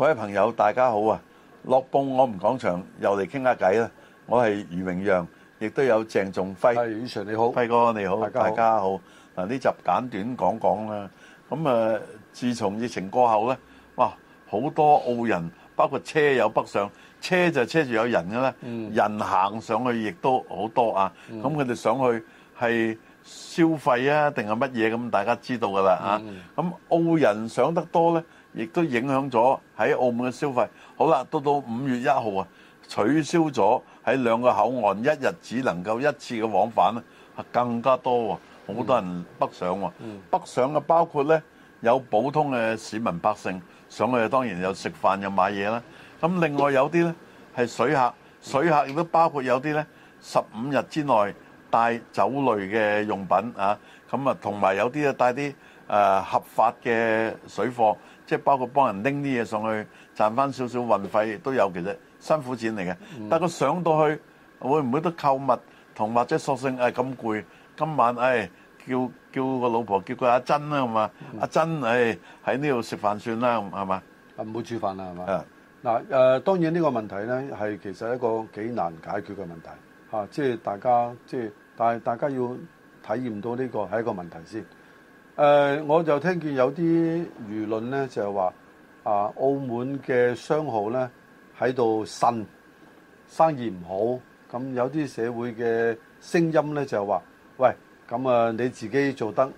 各位朋友，大家好啊！樂報我們講場，又嚟傾下偈啦。我係余榮讓，亦都有鄭仲輝。係宇常你好，輝哥你好，大家好。嗱，呢集簡短講講啦。咁啊，自從疫情過後咧，哇，好多澳人，包括車有北上，車就車住有人嘅啦，人行上去亦都好多啊。咁佢哋上去係消費啊，定係乜嘢咁大家知道噶啦。咁澳人上得多咧。亦都影響咗喺澳門嘅消費。好啦，到到五月一號啊，取消咗喺兩個口岸一日只能夠一次嘅往返咧，係更加多喎，好多人北上喎。北上嘅包括呢，有普通嘅市民百姓上去，當然又食飯又買嘢啦。咁另外有啲呢，係水客，水客亦都包括有啲呢，十五日之內帶酒類嘅用品啊。咁啊，同埋有啲啊帶啲誒合法嘅水貨。即係包括幫人拎啲嘢上去賺翻少少運費，都有其實辛苦錢嚟嘅。但係佢上到去會唔會得購物同或者索性係咁攰？今晚誒叫叫個老婆叫佢阿珍啦，係嘛？阿珍誒喺呢度食飯算啦，係嘛？唔好煮飯啦，係嘛？嗱誒，當然呢個問題咧係其實一個幾難解決嘅問題嚇，即係大家即係但係大家要體驗到呢個係一個問題先。誒，我就聽見有啲輿論咧，就係話啊，澳門嘅商號咧喺度呻生意唔好，咁有啲社會嘅聲音咧就係話，喂，咁啊你自己做得誒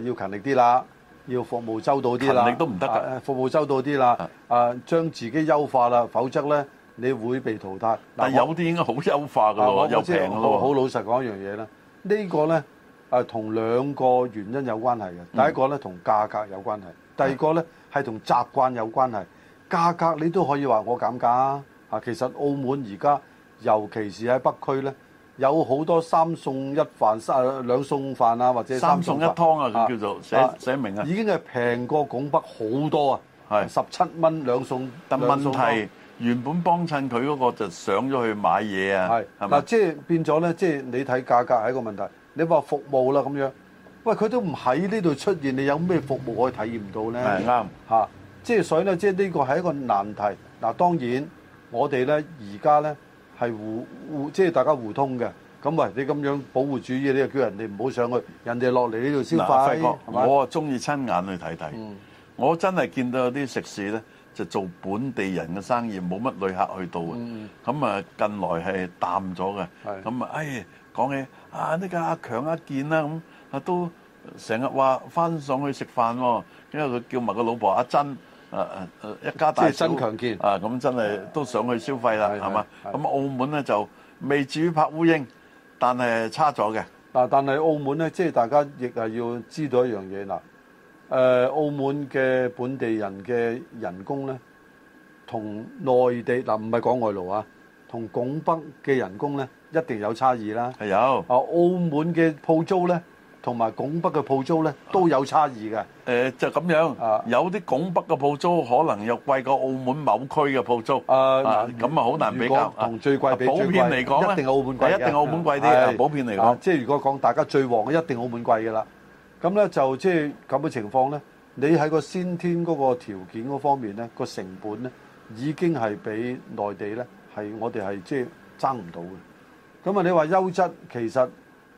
要勤力啲啦，要服務周到啲啦，勤力都唔得噶，服務周到啲啦，啊，將自己優化啦，否則咧你會被淘汰。但係有啲應該好優化噶喎，又平噶喎，好老實講一樣嘢啦，呢個咧。誒同兩個原因有關係嘅，第一個咧同價格有關係，第二個咧係同習慣有關係。價格你都可以話我減價啊！其實澳門而家，尤其是喺北區咧，有好多三餸一飯、三兩餸飯啊，或者三餸一湯啊，叫做寫寫明啊，明已經係平過拱北好多啊，十七蚊兩餸。但問題原本幫襯佢嗰個就上咗去買嘢啊，係即係變咗咧，即係你睇價格係一個問題。你話服務啦咁樣，喂佢都唔喺呢度出現，你有咩服務可以體驗到咧？係啱嚇，即係、啊、所以咧，即係呢個係一個難題。嗱、啊，當然我哋咧而家咧係互互即係大家互通嘅。咁、啊、喂，你咁樣保護主義，你又叫人哋唔好上去，人哋落嚟呢度消費。嗱、啊，輝哥，吧我啊中意親眼去睇睇。嗯、我真係見到有啲食肆咧，就做本地人嘅生意，冇乜旅客去到。咁啊、嗯嗯、近來係淡咗嘅。咁啊是、嗯，哎。講起啊，呢、這個阿強阿健啦、啊、咁，啊都成日話翻上去食飯喎、啊，因為佢叫埋個老婆阿珍，啊啊一家大即係增強健啊，咁真係都上去消費啦，係嘛吧？咁是是 澳門咧就未至於拍烏蠅，但係差咗嘅嗱。但係澳門咧，即係大家亦係要知道一樣嘢嗱，誒、呃、澳門嘅本地人嘅人工咧，同內地嗱唔係講外勞啊。同拱北嘅人工咧，一定有差異啦。係有啊！澳門嘅鋪租咧，同埋拱北嘅鋪租咧都有差異嘅。誒，就咁樣，有啲拱北嘅鋪租可能又貴過澳門某區嘅鋪租。誒，咁啊好難比較。同最貴比較，普遍嚟講咧，一定澳門貴，一定澳門貴啲啊！普遍嚟講，即係如果講大家最旺嘅，一定澳門貴嘅啦。咁咧就即係咁嘅情況咧。你喺個先天嗰個條件嗰方面咧，個成本咧已經係比內地咧。係我哋係即係爭唔到嘅。咁啊，你話優質其實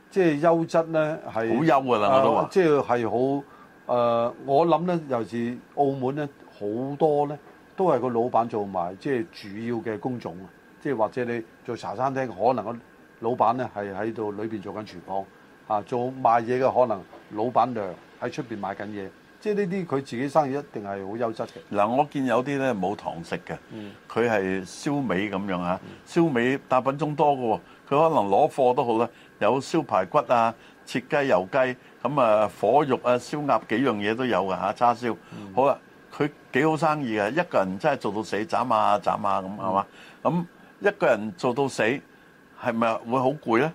即係優質咧，係好優噶啦，我都話即係係好誒。我諗咧尤其澳門咧，好多咧都係個老闆做埋即係主要嘅工種啊。即係或者你做茶餐廳，可能個老闆咧係喺度裏邊做緊廚房啊，做賣嘢嘅可能老闆娘喺出邊賣緊嘢。即係呢啲佢自己生意一定係好優質嘅。嗱，我見有啲咧冇糖食嘅，佢係燒味咁樣嚇，燒味但係品種多嘅喎。佢可能攞貨都好啦，有燒排骨啊、切雞、油雞咁啊、火肉啊、燒鴨幾樣嘢都有嘅嚇。叉燒好啦，佢幾好生意啊，一個人真係做到死斬啊斬啊咁係嘛？咁一個人做到死係咪會好攰咧？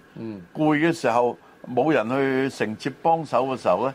攰嘅時候冇人去承接幫手嘅時候咧？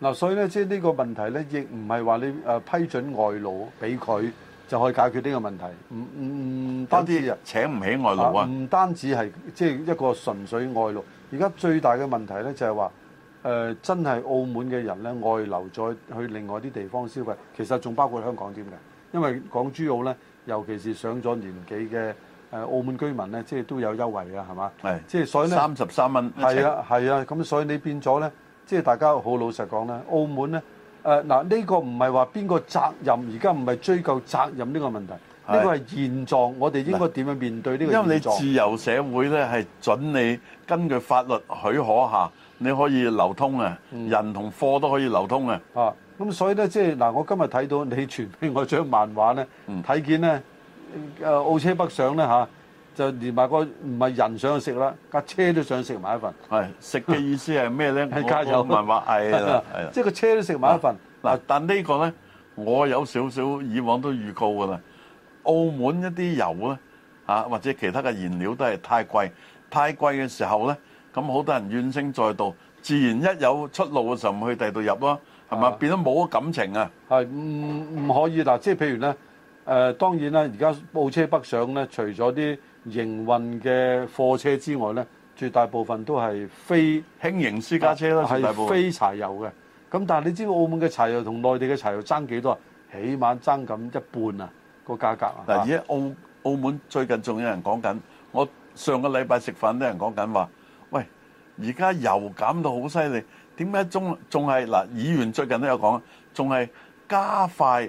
嗱，所以咧，即係呢個問題咧，亦唔係話你誒批准外勞俾佢就可以解決呢個問題。唔唔唔單止啊，請唔起外勞啊？唔單止係即係一個純粹外勞。而家最大嘅問題咧，就係話誒，真係澳門嘅人咧，外流再去另外啲地方消費，其實仲包括香港添嘅。因為港珠澳咧，尤其是上咗年紀嘅誒澳門居民咧，即係都有優惠啊，係嘛？係，即係所以咧，三十三蚊。係啊，係啊，咁所以你變咗咧。即係大家好老實講啦，澳門咧，誒嗱呢個唔係話邊個責任，而家唔係追究責任呢個問題，呢個係現狀，我哋應該點樣面對呢個現狀？因為你自由社會咧，係準你根據法律許可下，你可以流通啊，人同貨都可以流通啊。啊，咁所以咧，即係嗱，我今日睇到你傳俾我張漫畫咧，睇見咧，誒澳車北上咧嚇。就連埋個唔係人想食啦，架車都想食埋一份。係食嘅意思係咩咧？係加油文化係啦，係啦。即係個車都食埋一份。嗱、啊，但這個呢個咧，我有少少以往都預告噶啦。澳門一啲油咧、啊，或者其他嘅燃料都係太貴，太貴嘅時候咧，咁好多人怨聲載道，自然一有出路嘅時候，咪去第二度入咯，係咪、啊？變咗冇咗感情啊，係唔唔可以嗱？即係譬如咧，誒、呃、當然啦，而家澳車北上咧，除咗啲營運嘅貨車之外呢，絕大部分都係非輕型私家車啦，係、啊、非柴油嘅。咁但係你知道澳門嘅柴油同內地嘅柴油爭幾多啊？起碼爭咁一半啊，個價格、啊。嗱，而家澳澳門最近仲有人講緊，我上個禮拜食飯啲人講緊話，喂，而家油減到好犀利，點解仲仲係嗱？議員最近都有講，仲係加快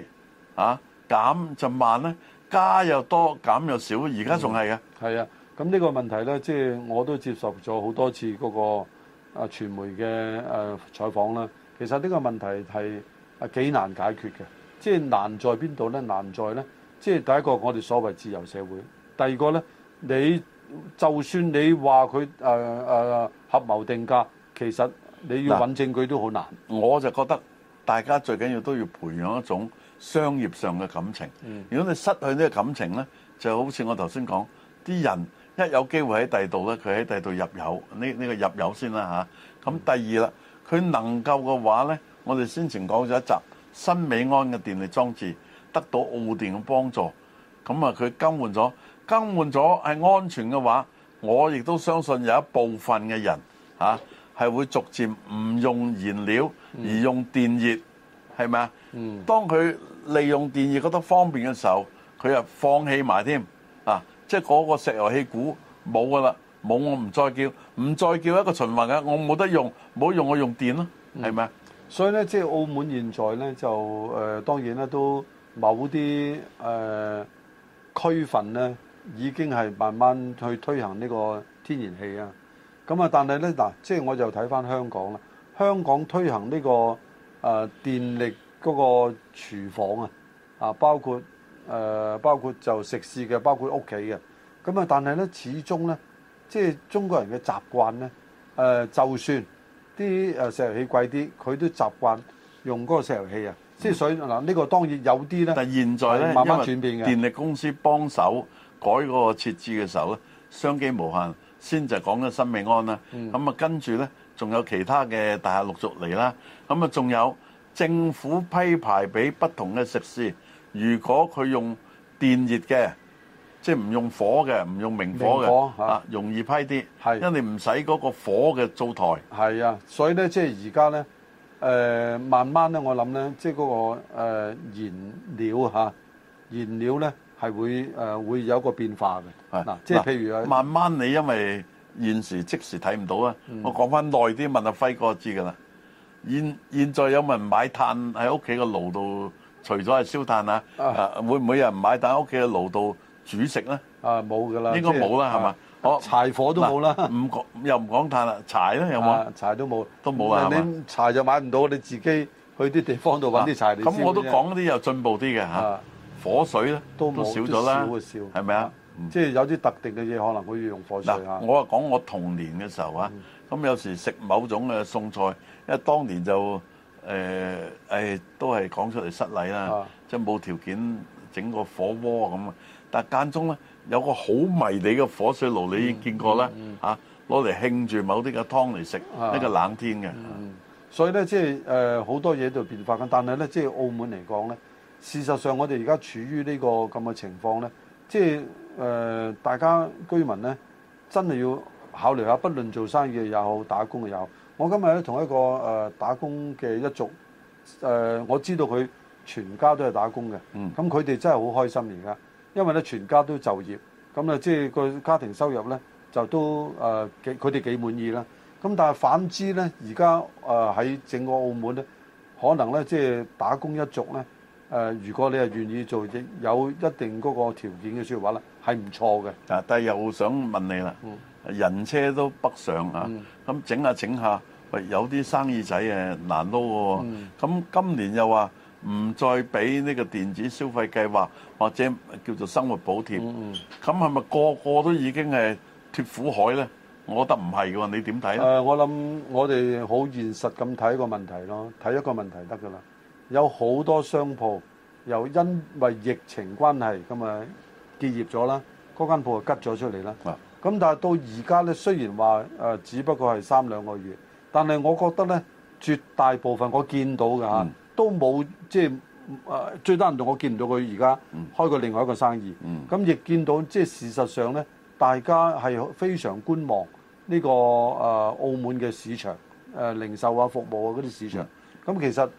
啊減就慢呢。加又多，減又少，而家仲係嘅。係、嗯、啊，咁呢個問題呢，即係我都接受咗好多次嗰個啊，傳媒嘅誒、呃、採訪啦。其實呢個問題係啊幾難解決嘅。即係難在邊度呢？難在呢，即係第一個我哋所謂自由社會，第二個呢，你就算你話佢誒誒合謀定價，其實你要揾證據都好難。我就覺得大家最緊要都要培養一種商業上嘅感情，如果你失去呢個感情呢，就好似我頭先講，啲人一有機會喺第度呢，佢喺第度入油，呢、呢、呢、個呢個入油先啦嚇。咁、啊嗯、第二啦，佢能夠嘅話呢，我哋先前講咗一集新美安嘅電力裝置得到澳電嘅幫助，咁啊佢更換咗，更換咗係安全嘅話，我亦都相信有一部分嘅人嚇係、啊、會逐漸唔用燃料而用電熱。嗯係咪啊？當佢利用電熱覺得方便嘅時候，佢又放棄埋添啊！即係嗰個石油氣股冇噶啦，冇我唔再叫，唔再叫一個循環啊！我冇得用，冇用我用電咯，係咪啊？嗯、所以咧，即係澳門現在咧就誒、呃，當然咧都某啲誒、呃、區份咧已經係慢慢去推行呢個天然氣啊。咁啊，但係咧嗱，即係我就睇翻香港啦。香港推行呢、呢個。誒、啊、電力嗰個廚房啊，啊包括誒、呃、包括就食肆嘅，包括屋企嘅，咁啊但係咧始終咧，即係中國人嘅習慣咧，誒、呃、就算啲石油氣貴啲，佢都習慣用嗰個石油氣啊，即係所以嗱呢個當然有啲咧，但係現在咧慢慢轉變，因為電力公司幫手改嗰個設置嘅時候咧，商機無限先就講緊新命安啦，咁啊、嗯、跟住咧。仲有其他嘅大廈陸續嚟啦，咁啊仲有政府批牌俾不同嘅食肆，如果佢用電熱嘅，即係唔用火嘅，唔用明火嘅，火啊容易批啲，啊、因為唔使嗰個火嘅灶台。係啊，所以咧即係而家咧，誒、呃、慢慢咧，我諗咧，即係、那、嗰個、呃、燃料嚇、啊、燃料咧係會誒、呃、會有一個變化嘅。嗱、啊，啊、即係譬如啊，慢慢你因為。現時即時睇唔到啊！我講翻耐啲，問阿輝哥就知㗎啦。現現在有冇人買炭喺屋企個爐度？除咗係燒炭啊，啊，會唔會有人買炭喺屋企嘅爐度煮食咧？啊，冇㗎啦，應該冇啦，係嘛？柴火都冇啦，唔講又唔講炭啦，柴咧有冇？柴都冇，都冇啊，係嘛？柴就買唔到，你自己去啲地方度揾啲柴嚟。咁我都講啲又進步啲嘅嚇，火水咧都少咗啦，係咪啊？嗯、即係有啲特定嘅嘢，可能會用火水啊！我話講我童年嘅時候啊，咁、嗯、有時食某種嘅餸菜，因為當年就誒誒、呃哎、都係講出嚟失禮啦，即係冇條件整個火鍋咁。但間中咧有個好迷你嘅火水爐，你已經見過啦，嚇、啊？攞嚟慶住某啲嘅湯嚟食，呢、嗯、個冷天嘅、嗯。所以咧、呃，即係誒好多嘢就變化緊，但係咧，即係澳門嚟講咧，事實上我哋而家處於呢、這個咁嘅情況咧。即係誒、呃，大家居民咧，真係要考慮下，不論做生意又好，打工嘅也好。我今日咧同一個誒、呃、打工嘅一族，誒、呃、我知道佢全家都係打工嘅。嗯。咁佢哋真係好開心而家，因為咧全家都就業，咁、嗯、咧即係個家庭收入咧就都誒，佢、呃、哋幾滿意啦。咁但係反之咧，而家誒喺整個澳門咧，可能咧即係打工一族咧。誒，如果你係願意做，亦有一定嗰個條件嘅説話啦，係唔錯嘅。啊，但係又想問你啦，嗯、人車都北上、嗯、啊，咁整下整下，喂，有啲生意仔誒難撈喎。咁、嗯、今年又話唔再俾呢個電子消費計劃或者叫做生活補貼，咁係咪個個都已經係脱苦海咧？我覺得唔係喎，你點睇咧？誒、呃，我諗我哋好現實咁睇個問題咯，睇一個問題得噶啦。有好多商鋪又因為疫情關係咁啊結業咗啦，嗰間鋪就吉咗出嚟啦。咁的但係到而家呢，雖然話、呃、只不過係三兩個月，但係我覺得呢，絕大部分我見到嘅、嗯、都冇即係、呃、最低限度我見唔到佢而家開過另外一個生意。咁亦、嗯、見到即係事實上呢，大家係非常觀望呢、呢個、呃、澳門嘅市場零售啊服務啊嗰啲市場。咁、呃嗯嗯、其實。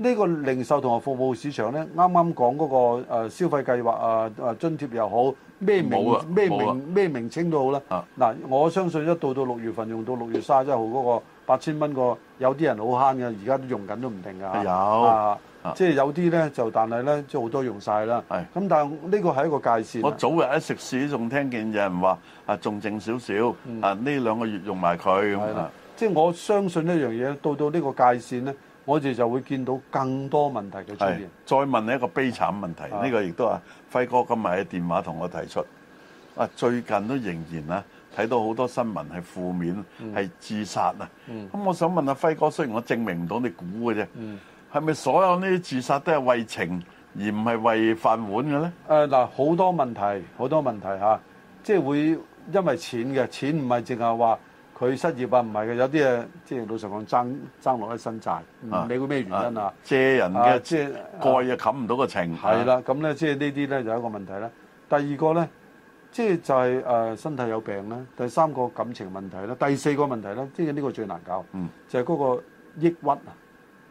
呢個零售同埋服務市場咧，啱啱講嗰個誒消費計劃啊啊津貼又好，咩名咩名咩名稱都好啦。嗱，我相信一到到六月份用到六月三十一號嗰個八千蚊個，有啲人好慳嘅，而家都用緊都唔定㗎。有啊，即係有啲咧，就但係咧，即係好多用曬啦。係咁，但係呢個係一個界線。我早日喺食肆仲聽見有人話啊，仲剩少少啊，呢兩個月用埋佢咁啊。即係我相信一樣嘢，到到呢個界線咧。我哋就會見到更多問題嘅出現。再問你一個悲慘問題，呢個亦都係，輝哥今日喺電話同我提出啊，最近都仍然啊，睇到好多新聞係負面，係、嗯、自殺啊。咁、嗯嗯、我想問下、啊、輝哥，雖然我證明唔到，你估嘅啫。嗯。係咪所有呢啲自殺都係為情而唔係為飯碗嘅咧？誒嗱、啊，好多問題，好多問題嚇、啊，即係會因為錢嘅，錢唔係淨係話。佢失業啊，唔係嘅，有啲嘢即係老實講，爭爭落一身債，唔理佢咩原因啊。啊借人嘅即係蓋，蓋啊，冚唔到個情。係啦，咁咧即係呢啲咧就一個問題啦。第二個咧，即係就係誒身體有病啦。第三個感情問題啦。第四個問題咧，即係呢個最難搞，嗯、就係嗰個抑鬱啊。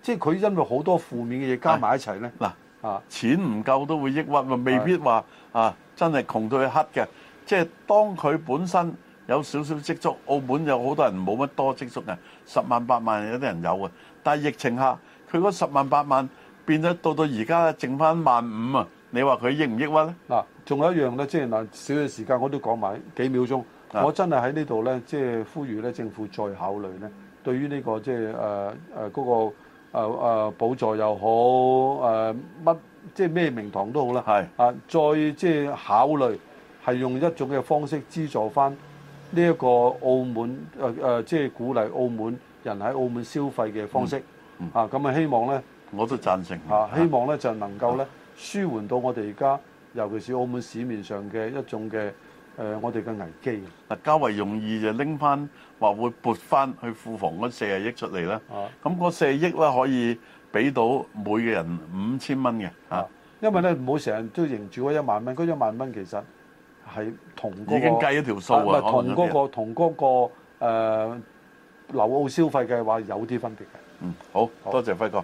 即係佢因為好多負面嘅嘢加埋一齊咧。嗱、哎、啊，錢唔夠都會抑鬱啊，未必話的啊真係窮到去黑嘅。即係當佢本身。有少少積蓄，澳門有好多人冇乜多積蓄嘅，十萬八萬有啲人有啊，但係疫情下佢嗰十萬八萬變咗到到而家剩翻萬五啊！你話佢抑唔抑鬱咧嗱？仲有一樣咧，即係嗱少少時間我都講埋幾秒鐘。我真係喺呢度咧，即係呼籲咧政府再考慮咧，對於呢個即係誒誒嗰個誒誒補助又好誒乜即係咩名堂都好啦，係啊，再即係考慮係用一種嘅方式資助翻。呢一個澳門誒誒、呃，即係鼓勵澳門人喺澳門消費嘅方式、嗯嗯、啊，咁啊希望呢，我都贊成啊，希望呢，就能夠咧、啊、舒緩到我哋而家，尤其是澳門市面上嘅一種嘅誒、呃，我哋嘅危機。嗱，較為容易就拎翻或會撥翻去庫房嗰四十億出嚟啦。咁嗰四十億咧可以俾到每個人五千蚊嘅啊，啊因為唔好成日都凝住嗰一萬蚊，嗰一萬蚊其實。係同嗰、那個，已經計咗條數啦，唔係同嗰、那個同嗰、那個誒、呃、留澳消費嘅話有啲分別嘅。嗯，好多謝輝哥。